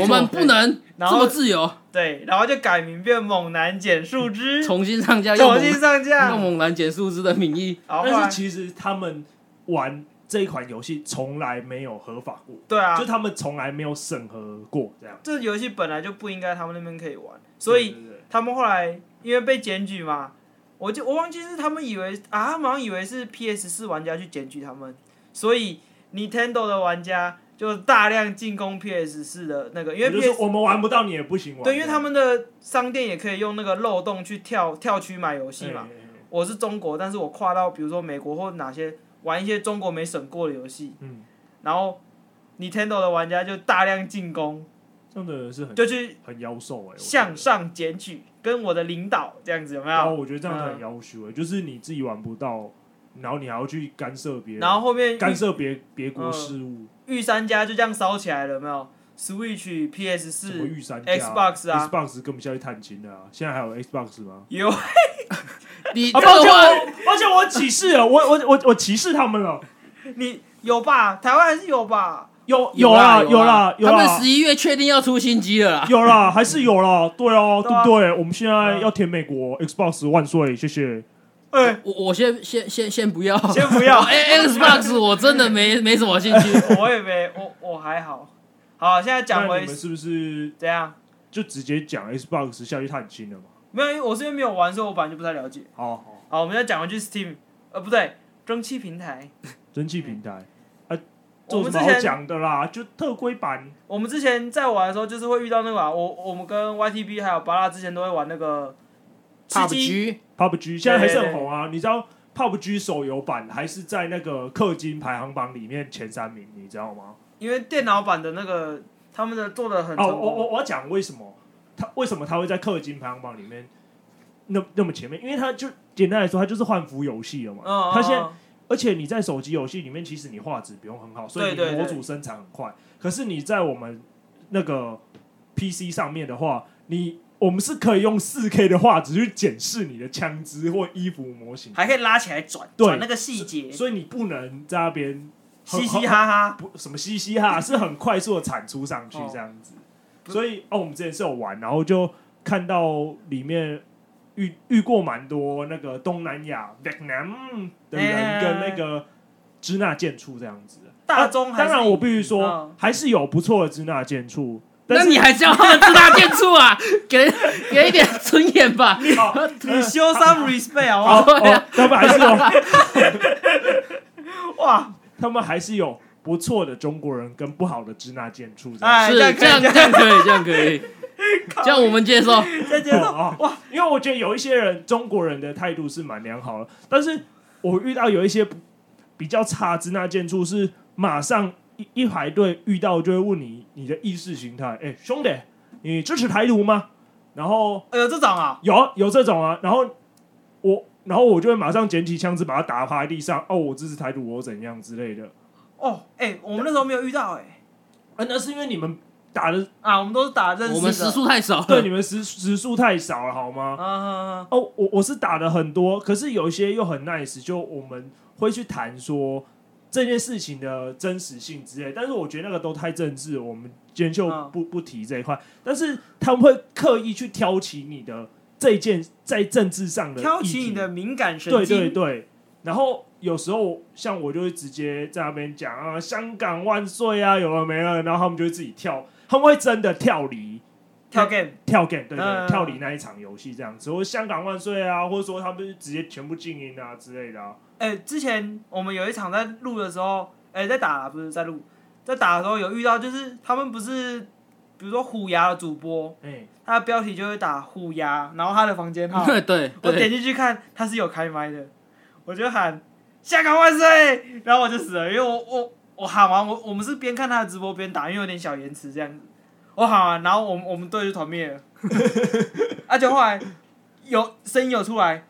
我們不能這麼自由。對，然後，然後就改名變猛男剪樹“猛男剪樹枝”，重新上架，重新上架用猛“用猛男剪樹枝”的名義然後後。但是其實他們玩這一款遊戲從來沒有合法過，對啊，就他們從來沒有審核過這樣。這遊戲本來就不應該他們那邊可以玩，所以對對對他們後來。因為被檢舉嘛，我就我忘記是他們以為啊，他們好像以為是 P S 四玩家去檢舉他們，所以 Nintendo 的玩家就大量進攻 P S 四的那個，因為 PS, 就是我們玩不到你也不行玩對，對，因為他們的商店也可以用那個漏洞去跳跳區買遊戲嘛，欸欸欸。我是中國，但是我跨到比如說美國或哪些玩一些中國沒審過的遊戲、嗯，然後 Nintendo 的玩家就大量進攻，真的是很就是很夭壽哎，向上檢舉。跟我的領導這樣子有沒有？然、哦、我覺得這樣很要挾、欸嗯，就是你自己玩不到，然後你還要去干涉別人，然後後面干涉別別國事務，御、嗯、三家就這樣燒起來了，有沒有？Switch、PS 四、御三家、啊、Xbox 啊，Xbox 跟我們下去探親的啊，現在還有 Xbox 嗎？有， *laughs* 你而且我而且我歧視啊，我我我我歧視他們了，你有吧？台灣還是有吧？有有啦，有啦，有，啦有啦，他們十一月確定要出新機了。有啦， *laughs* 還是有了有啦。對哦、啊，對，啊、對，不對，我們現在要填美國 Xbox 萬歲，謝謝。哎、欸，我我先先先先不要，先不要。哎， *laughs* 欸，Xbox 我真的沒 *laughs* 沒什麼興趣，我也沒，我我還好。好，現在講回，是不是這樣？就直接講 Xbox 下去探親了嘛。沒有，因為我這邊沒有玩，所以我本來就不太了解。好,好，好，我們要講回去 Steam，呃，不對，蒸汽平台，蒸汽平台。嗯我們之前講的啦，就特規版。我們之前在玩的時候，就是會遇到那個、啊、我我們跟 YTB 還有芭樂之前都會玩那個 PUBG，PUBG PUBG PUBG，現在還是很紅啊、欸。你知道 PUBG 手遊版還是在那個氪金排行榜裡面前三名，你知道嗎？因為電腦版的那個他們的做的很成功哦，我我我要講為什麼他為什麼他會在氪金排行榜裡面那那麼前面？因為他就簡單來說，他就是換服遊戲了嘛。嗯、哦哦哦，他現在。而且你在手機遊戲裡面，其實你畫質不用很好，所以你的模組生產很快，對對對對。可是你在我們那個 PC 上面的話，你我們是可以用四 K 的畫質去檢視你的槍支或衣服模型，還可以拉起來轉轉那個細節。所以你不能在那邊嘻嘻哈哈，不什麼嘻嘻哈， *laughs* 是很快速的產出上去這樣子。哦、所以哦，我們之前是有玩，然後就看到裡面。遇遇過蠻多那個東南亞越南的人跟那個支那賤畜這樣子，欸欸欸啊、大中當然我必須說、哦、還是有不錯的支那賤畜，那你還叫他們支那賤畜啊？ *laughs* 給給一點尊嚴吧！你修、哦、 *laughs* s show some respect 啊、 *laughs* 哦？好、哦， *laughs* 他們還是有 *laughs* *laughs* 哇，他們還是有不錯的中國人跟不好的支那賤畜，這樣可以，這樣可以，這樣可以。叫 *laughs* 我們接受，接受哇！ *laughs* 因為我覺得有一些人，中國人的態度是蠻良好的，但是我遇到有一些比較差之那件處是馬上一一排隊遇到就會問你，你的意識形態，哎兄弟，你支持台獨嗎？然後，哎有這種啊，有有這種啊，然後我然後我就會馬上撿起槍支把他打趴在地上，哦，我支持台獨，我怎樣之類的。哦，哎，我們那時候沒有遇到，哎，哎，那是因為你們。打的啊，我們都是打認識，我們時數太少、嗯對，對你們時時數太少了，好嗎？啊哦、啊啊啊啊，我我是打的很多，可是有一些又很 nice，就我們會去談說這件事情的真實性之類，但是我覺得那個都太政治，我們今天就不、啊、不，不提這一塊。但是他們會刻意去挑起你的這件在政治上的挑起你的敏感神經，對對對。然後有時候像我就會直接在那邊講啊，香港萬歲啊，有了沒了，然後他們就會自己跳。他們會真的跳離，跳 game 跳 game 對對，對、嗯，跳離那一場遊戲這樣子，或香港萬歲啊，或者說他們直接全部靜音啊之類的、啊。哎、欸，之前我們有一場在錄的時候，哎、欸，在打不是在錄，在打的時候有遇到，就是他們不是，比如說虎牙的主播、欸，他的標題就會打虎牙，然後他的房間號 *laughs* 對，對，我點進去看他是有開麥的，我就喊香港萬歲，然後我就死了， *laughs* 因為我我。我喊完，我我們是邊看他的直播邊打，因為有點小延遲這樣。我喊完，然後我們我們隊就團滅了。而 *laughs* 且、啊、後來有聲音有出來，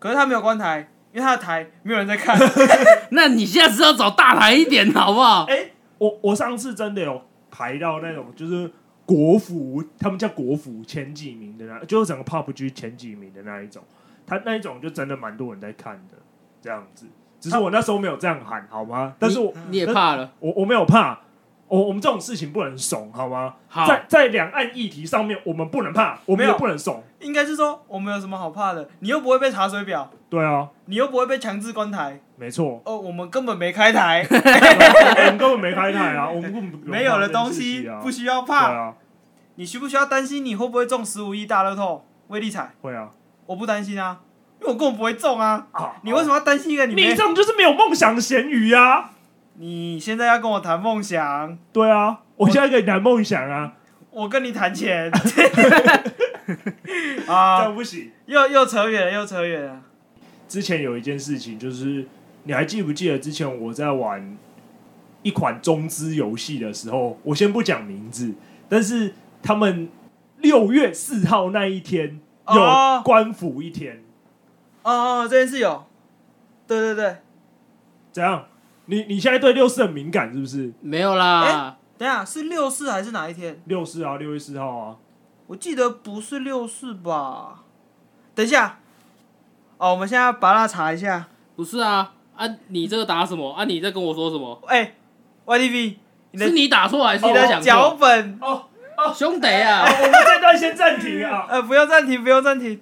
可是他沒有關台，因為他的台沒有人在看。 *laughs* *laughs* 那你現在是要找大台一點，好不好？哎、欸，我我上次真的有排到那種，就是國服，他們叫國服前幾名的那，就是整個 PUBG 前幾名的那一種。他那一種就真的蠻多人在看的，這樣子。只是我那時候沒有這樣喊，好嗎？但是我，我你也怕了，我我沒有怕，我我們這種事情不能慫，好嗎？好在在兩岸議題上面，我們不能怕，我們也不能慫。應該是說我們有什麼好怕的？你又不會被查水表，對啊，你又不會被強制關台，沒錯。哦、呃，我們根本沒開台， *laughs* *laughs* 我們根本沒開台啊，我們不 *laughs* 沒有的東西不需要怕，對啊，不需要怕啊，你需不需要擔心你會不會中十五億大樂透？威力彩？會啊，我不擔心啊。因為我根本不會中啊！啊你為什麼要擔心一個你、啊？你這種就是沒有夢想的鹹魚啊！你現在要跟我談夢想？對啊，我，我現在跟你談夢想啊！我跟你談錢 *laughs* *laughs* 啊！這樣不行，又又扯遠，又扯遠了，了。之前有一件事情，就是你還記不記得？之前我在玩一款中資遊戲的時候，我先不講名字，但是他們六月四號那一天有關服一天。哦哦哦，這件事有，對對對，怎樣？你你現在對六四很敏感是不是？沒有啦，欸、等一下是六四還是哪一天？六四啊，六月四號啊。我記得不是六四吧？等一下，哦，我們現在把它查一下。不是啊，啊，你這個打什麼？啊，你在跟我說什麼？哎、欸、YTV，你是你打錯還是，哦、我的腳本？哦哦，兄弟啊、欸，我們這段先暫停啊。哎、 *laughs* 呃，不要暫停，不要暫停。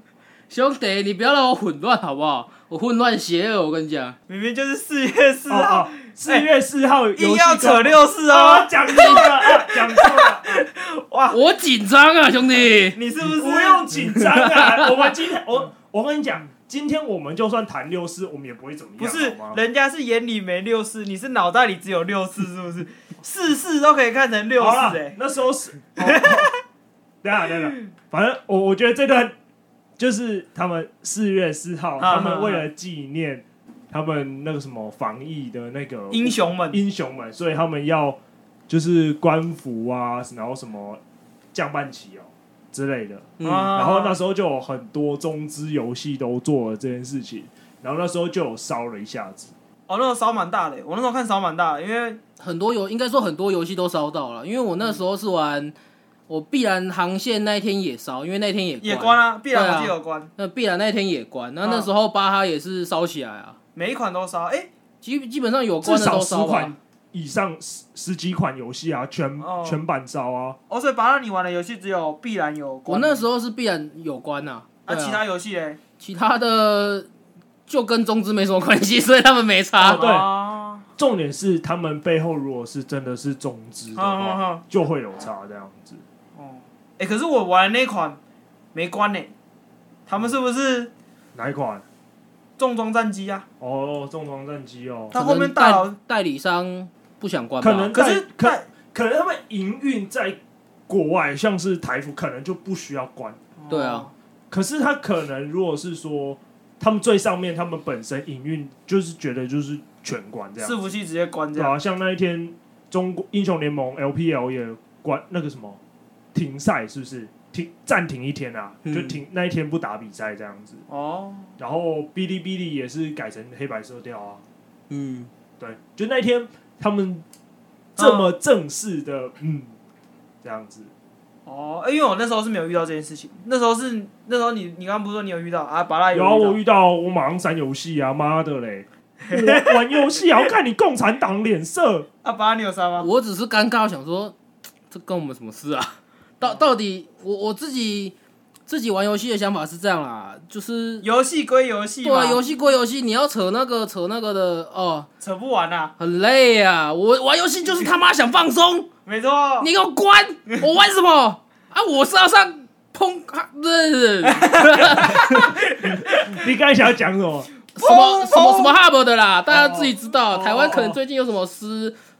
兄弟，你不要讓我混亂好不好？我混亂邪惡，我跟你講，明明就是四月四號，四、哦哦、月四號硬、欸、要扯六四哦，講、哦、錯了，講 *laughs* 錯、啊、了、嗯，哇！我緊張啊，兄弟，你是不是不用緊張啊？ *laughs* 我們今天，我我跟你講，今天我們就算談六四，我們也不會怎麼樣。不是，人家是眼裡沒六四，你是腦袋裡只有六四，是不是？ *laughs* 四四都可以看成六四，欸，哎，那時候是，哦哦、 *laughs* 等下，等，下，反正我我覺得這段。就是他們四月四號，他們為了紀念他們那個什麼防疫的那個英雄們英雄們，所以他們要就是官服啊，然後什麼降半旗哦之類的。嗯，然後那時候就有很多中資遊戲都做了這件事情，然後那時候就有燒了一下子。哦，那時候燒蠻大的，我那時候看燒蠻大的，因為很多遊應該說很多遊戲都燒到了，因為我那時候是玩。我碧藍航線那一天也燒，因為那天也也關，關啊，碧藍有關、啊，那碧藍那一天也關，那那時候巴哈也是燒起來啊，每一款都燒，哎，基基本上有關的都燒十款，以上十十幾款遊戲啊，全、哦、全版燒啊，哦，所以巴哈你玩的遊戲只有碧藍有關、啊，我那時候是碧藍有關吶、啊啊，啊，其他遊戲哎，其他的就跟中資沒什麼關係，所以他們沒差、哦，對，重點是他們背後如果是真的是中資的話好好好，就會有差這樣子。哎，可是我玩的那款沒關呢、欸，他們是不是、啊、哪一款？重裝戰機啊！哦，重裝戰機哦。他後面代代理商不想關嗎？可能，可是可是可,可能他們營運在國外、嗯，像是台服，可能就不需要關。對、哦、啊，可是他可能如果是說他們最上面，他們本身營運就是覺得就是全關這樣，伺服器直接關這樣。啊、像那一天中國英雄聯盟 LPL 也關那個什麼。停賽是不是停暫停一天啊？嗯、就停那一天不打比賽這樣子哦。然後嗶哩嗶哩也是改成黑白色調啊。嗯，對，就那一天他們這麼正式的、啊、嗯這樣子哦。欸、因為我那時候是沒有遇到這件事情，那時候是那時候你你剛剛不是說你有遇到啊？芭樂有遇到？有啊？我遇到我馬上刪遊戲啊！媽的嘞， *laughs* *laughs* 玩遊戲還要看你共產黨臉色啊？芭樂你有刪嗎？我只是尷尬，我想說，這跟我們什麼事啊？到到底我我自己自己玩遊戲的想法是這樣啦，就是遊戲歸遊戲，對遊戲歸遊戲，你要扯那個扯那個的哦，扯不完啦，啊，很累啊！我玩遊戲就是他媽想放鬆，沒錯，你給我關，我玩什麼？ *laughs* 啊，我是要上砰，哈的 *laughs* 你剛才想要講什麼？什麼什麼什麼，什麼哈勃的啦，大家自己知道，哦、台灣可能最近有什麼事。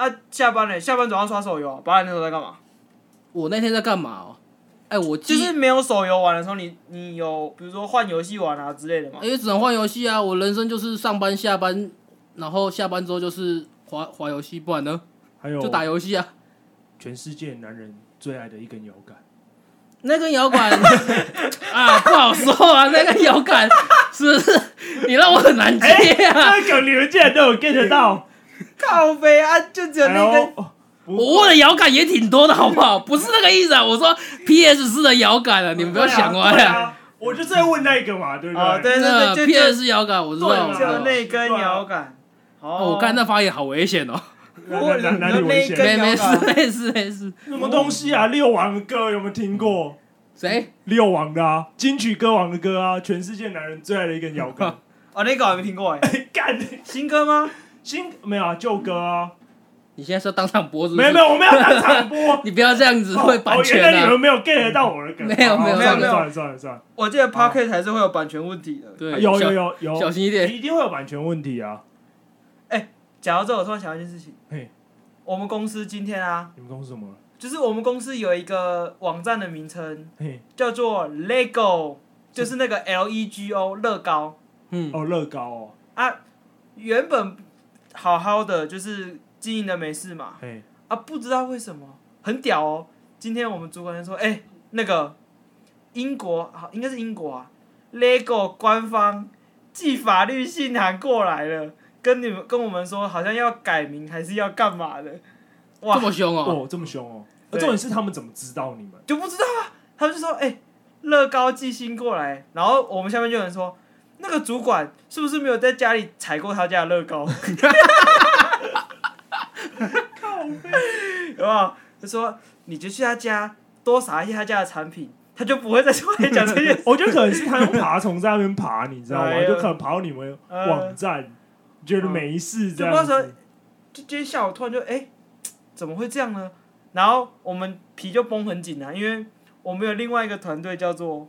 啊，下班了，下班早上刷手遊啊，白天那時候在幹嘛？我那天在幹嘛、喔？哎、欸，我就是沒有手遊玩的時候你，你你有比如說換遊戲玩啊之類的嗎？因為、欸、只能換遊戲啊，我人生就是上班、下班，然後下班之後就是滑滑遊戲，不然呢？還有就打遊戲啊。全世界男人最愛的一根搖桿，那根搖桿 *laughs* 啊， *laughs* 不好說啊，那個搖桿是不是？ *laughs* *laughs* 你讓我很難接啊，梗、欸那個、你們竟然都有 get 到。靠北啊，就只有那根、哎。我問的搖桿也挺多的，好不好？不是那個意思啊，我說 PS 四的搖桿啊，你們不要想歪啊。啊啊啊啊啊、我就在要問那個嘛， *laughs* 對不對？啊，真的，就，就，就 PS 四搖桿。我是問就那根搖桿。哦，我看那發言好危險哦，我問你。我問你那哪哪根搖桿？沒事 *laughs* 沒事沒事。什麼東西啊、哦？六王的歌有沒有聽過？誰？六王的啊，金曲歌王的歌啊，全世界男人最愛的一根搖桿。哦，哦，哦、那個還沒聽過哎。幹，新歌嗎？新沒有啊，舊歌啊、嗯！你現在說當場播是不是？沒有沒有，我們要當場播、啊， *laughs* 你不要這樣子會版權啊！ *laughs* 哦哦、你們沒有 get、嗯、到我的感覺？沒有沒有、啊、沒有沒有，算了算了，算了，算了，算了算了，我記得 pocket、啊、還是會有版權問題的。對，有有有有，小心一點，一定會有版權問題啊！哎、欸，講到這，我突然想到一件事情。嘿，我們公司今天啊，你們公司怎麼了？就是我們公司有一個網站的名稱，叫做 Lego，是就是那個 L E G O 樂高。嗯，哦，樂高哦啊，原本。好好的就是經營的沒事嘛，嗯啊，不知道為什麼很屌哦。今天我們主管人說：“哎、欸，那個英國好，應該是英國啊，LEGO 官方寄法律信函過來了，跟你們跟我們說，好像要改名還是要幹嘛的？哇，這麼兇哦、啊，這麼兇哦、啊！啊、而重點是他們怎麼知道你們？啊、就不知道啊，他們就說：哎、欸，樂高寄信過來，然後我們下面就有人說。”那個主管是不是沒有在家裡踩過他家的樂高？ *laughs* *laughs* *laughs* *laughs* *laughs* 有沒有？他說：“你就去他家多撒一些他家的產品，他就不會再去外面講這些事。哦”我覺得可能是他用爬蟲 *laughs* 在那邊爬，你知道嗎？ *laughs* 就可能爬到你們網站， *laughs* 嗯、覺得沒事這樣子。直播時候，就今天下午突然就哎、欸，怎麼會這樣呢？然後我們皮就繃很緊啊，因為我們有另外一個團隊叫做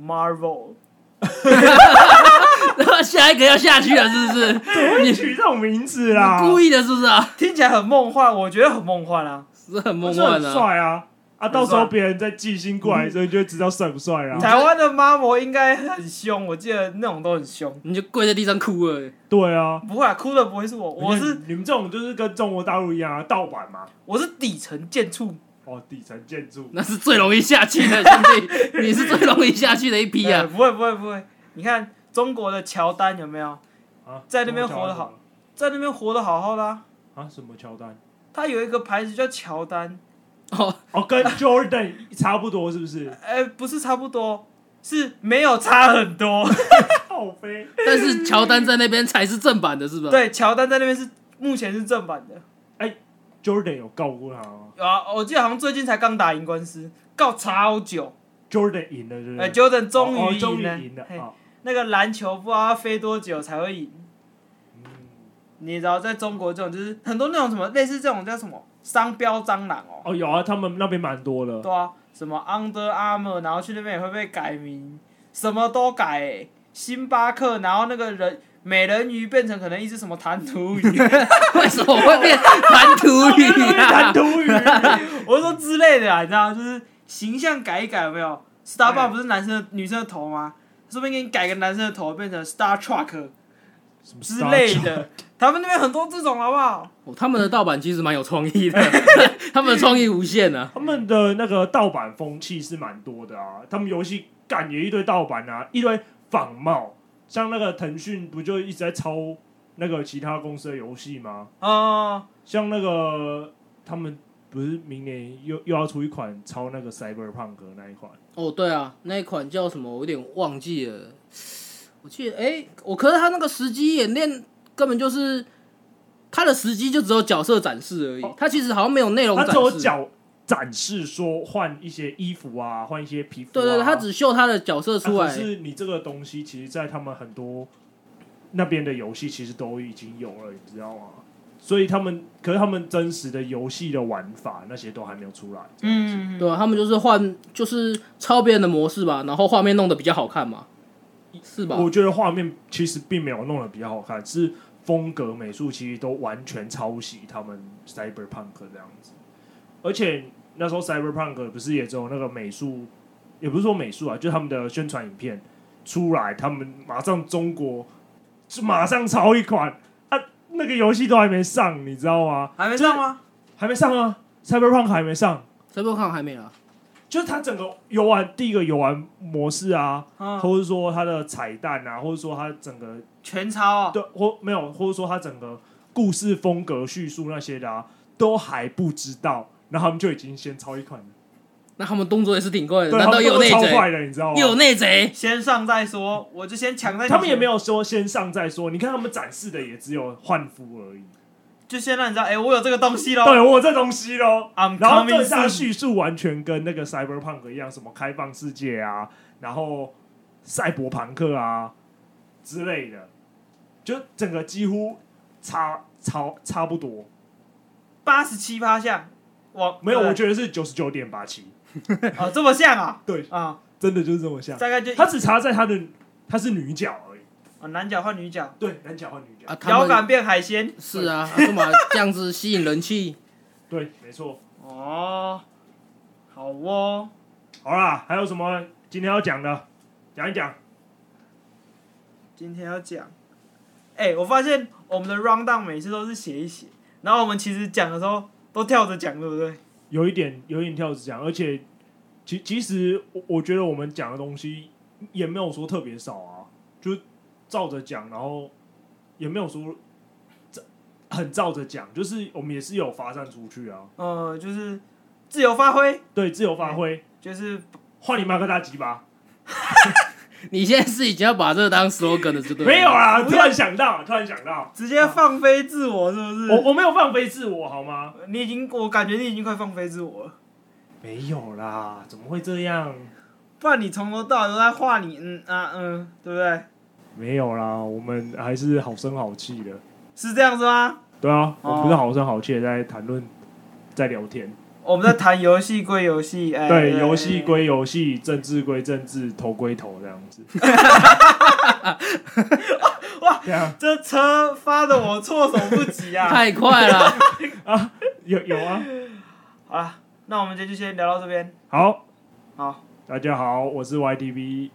Marvel。然 *laughs* 後 *laughs* *laughs* 下一個要下去了，是不是？你 *laughs* 取這種名字啦，故意的，是不是啊？ *laughs* 聽起來很夢幻，我覺得很夢幻啊，是很夢幻啊。帥啊帥啊！到時候別人再寄信過來的時候，所以就會知道帥不帥啊。台灣的媽媽應該很凶，我記得那種都很凶。你就跪在地上哭了、欸。已。對啊，不會、啊、哭的不會是我，我是你們這種就是跟中國大陸一樣盜版嘛。我是底層建築。哦，底層建築那是最容易下去的，兄弟。 *laughs* 你是最容易下去的一批啊！不、欸、會，不會，不會！你看中國的喬丹有沒有、啊？在那邊活得好的，在那邊活得好好的啊！啊什麼喬丹？他有一個牌子叫喬丹，哦哦，跟 Jordan 差不多， *laughs* 差不多是不是？呃、欸，不是差不多，是沒有差很多。好 *laughs* *laughs* 但是喬丹在那邊才是正版的，是不是？對，喬丹在那邊是目前是正版的。Jordan 有告過他嗎？有啊，我記得好像最近才剛打贏官司，告超久。Jordan 贏了，就是。哎、欸、，Jordan 終於贏，oh, oh, 贏了，贏了啊！那個籃球不知道要飛多久才會贏。嗯。你知道在中國這種就是很多那種什麼類似這種叫什麼商標蟑螂哦？哦、oh，有啊，他們那邊蠻多的。對啊，什麼 Under Armour，然後去那邊也會被改名，什麼都改。哎，星巴克，然後那個人。美人魚變成可能一隻什麼彈塗魚？為什麼會變彈塗魚？彈塗魚？ *laughs* *laughs* 我說之類的、啊，你知道就是形象改一改，有沒有？Starbucks 不是男生女生的頭嗎？順便給你改個男生的頭，變成 Star Truck，之類的。他們那邊很多這種好不好？哦，他們的盜版其實蠻有創意的，他們的創意, *laughs* 意無限啊。他們的那個盜版風氣是蠻多的啊，他們遊戲感覺一堆盜版啊，一堆仿冒。像那個騰訊不就一直在抄那個其他公司的遊戲嗎？啊、uh，像那個他們不是明年又又要出一款抄那個 Cyberpunk 的那一款？哦，對啊，那一款叫什麼？我有點忘記了。我記得，哎、欸，我可是他那個實機演練根本就是他的實機就只有角色展示而已，哦、他其實好像沒有內容展示。展示說換一些衣服啊，換一些皮膚、啊。對對對，他只秀他的角色出來、欸啊。只是你這個東西，其實，在他們很多那邊的遊戲，其實都已經有了，你知道嗎？所以他們，可是他們真實的遊戲的玩法，那些都還沒有出來。嗯，對、啊、他們就是換，就是抄別人的模式吧，然後畫面弄得比較好看嘛，是吧？我覺得畫面其實並沒有弄得比較好看，只是風格美術其實都完全抄襲他們 cyberpunk 的這樣子，而且。那時候，Cyberpunk 不是也只有那個美術，也不是說美術啊，就是他們的宣傳影片出來，他們馬上中國就馬上抄一款啊，那個遊戲都還沒上，你知道嗎？還沒上嗎？還沒上嗎，啊？Cyberpunk 還沒上，Cyberpunk 還沒上，還沒啊？就是他整個遊玩第一個遊玩模式啊，啊，或者說他的彩蛋啊，或者說他整個全抄啊。對，或沒有，或者說他整個故事風格敘述那些的啊，都還不知道。那他們就已經先抄一款了。那他們動作也是挺快的，對，難道又有內賊，又有內賊，先上再說，嗯、我就先搶在他們也沒有說先上再說。你看他們展示的也只有換膚而已，就先讓你知道，哎、欸，我有這個東西嘍，對，我有這東西嘍。I'm coming。然後，整個敘述完全跟那個賽博朋克一樣，什麼開放世界啊，然後賽博朋克啊之類的，就整個幾乎差差差，差不多八十七趴像。我沒有，我覺得是九十九點八七，啊、 *laughs* 哦，這麼像啊？對啊，哦，真的就是這麼像。大概就他只插在他的，他是女角而已啊，哦，男角換女角，對，男角換女角啊，腳感變海鮮是啊，這、啊、麼這樣子吸引人氣，對，沒錯。哦，好哦。好啦，還有什麼今天要講的？講一講。今天要講，哎、欸，我發現我們的 round down 每次都是寫一寫，然後我們其實講的時候。都跳着講，對不對？有一點，有一點跳着講，而且其其實我，我覺得我們講的東西也沒有說特別少啊，就照着講，然後也沒有說很照着講，就是我們也是有發散出去啊。嗯、呃，就是自由發揮，對，自由發揮、欸，就是換你媽個大雞巴。 *laughs* 你現在是已經要把這個當 slogan 了，對不對？沒有啊，突然想到，突然想到，啊、直接放飛自我，是不是？我我沒有放飛自我，好嗎？你已經，我感覺你已經快放飛自我了。沒有啦，怎麼會這樣？不然你從頭到尾都在畫你，嗯啊嗯，對不對？沒有啦，我們還是好聲好氣的，是這樣子嗎？對啊，我們是好聲好氣的在談論，在聊天。我們在談遊戲歸遊戲，對，遊戲歸遊戲，政治歸政治，頭歸頭，這樣子。 *laughs* 哇，哇這，這車發的我措手不及啊！太快了、 *laughs* 啊、有有啊、啊？好了，那我們今天就先聊到這邊。好，好，大家好，我是 YTV。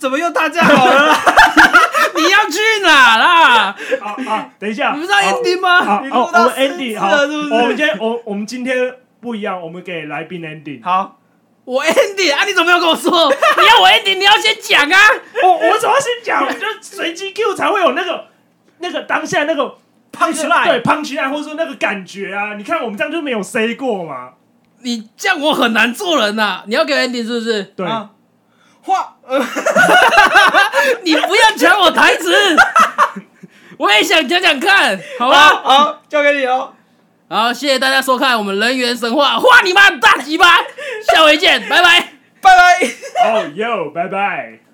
怎麼又大家好了 *laughs* 你要去哪啦？ *laughs* 啊，啊等一下，你不是要 ending 嗎？哦、啊啊啊，我們 Andy，好，我們今天，我我們今天。不一樣，我們給來賓 ending。好，我 ending 啊？你怎麼沒有跟我說？ *laughs* 你要我 ending，你要先講啊！我、哦、我怎麼要先講？ *laughs* 就隨機 Q 才會有那個那個當下那個 punch line 對 punch line，或者說那個感覺啊！你看我們這樣就沒有 say 過嘛？你這樣我很難做人吶、啊！你要給 ending 是不是？對，話、啊，呃、 *laughs* *laughs* 你不要搶我台詞， *laughs* 我也想講講看，好嗎？好，交給你哦。好，謝謝大家收看我們《人猿神話》花你媽大雞巴， *laughs* 下回見， *laughs* 拜拜，拜拜，哦喲，拜拜。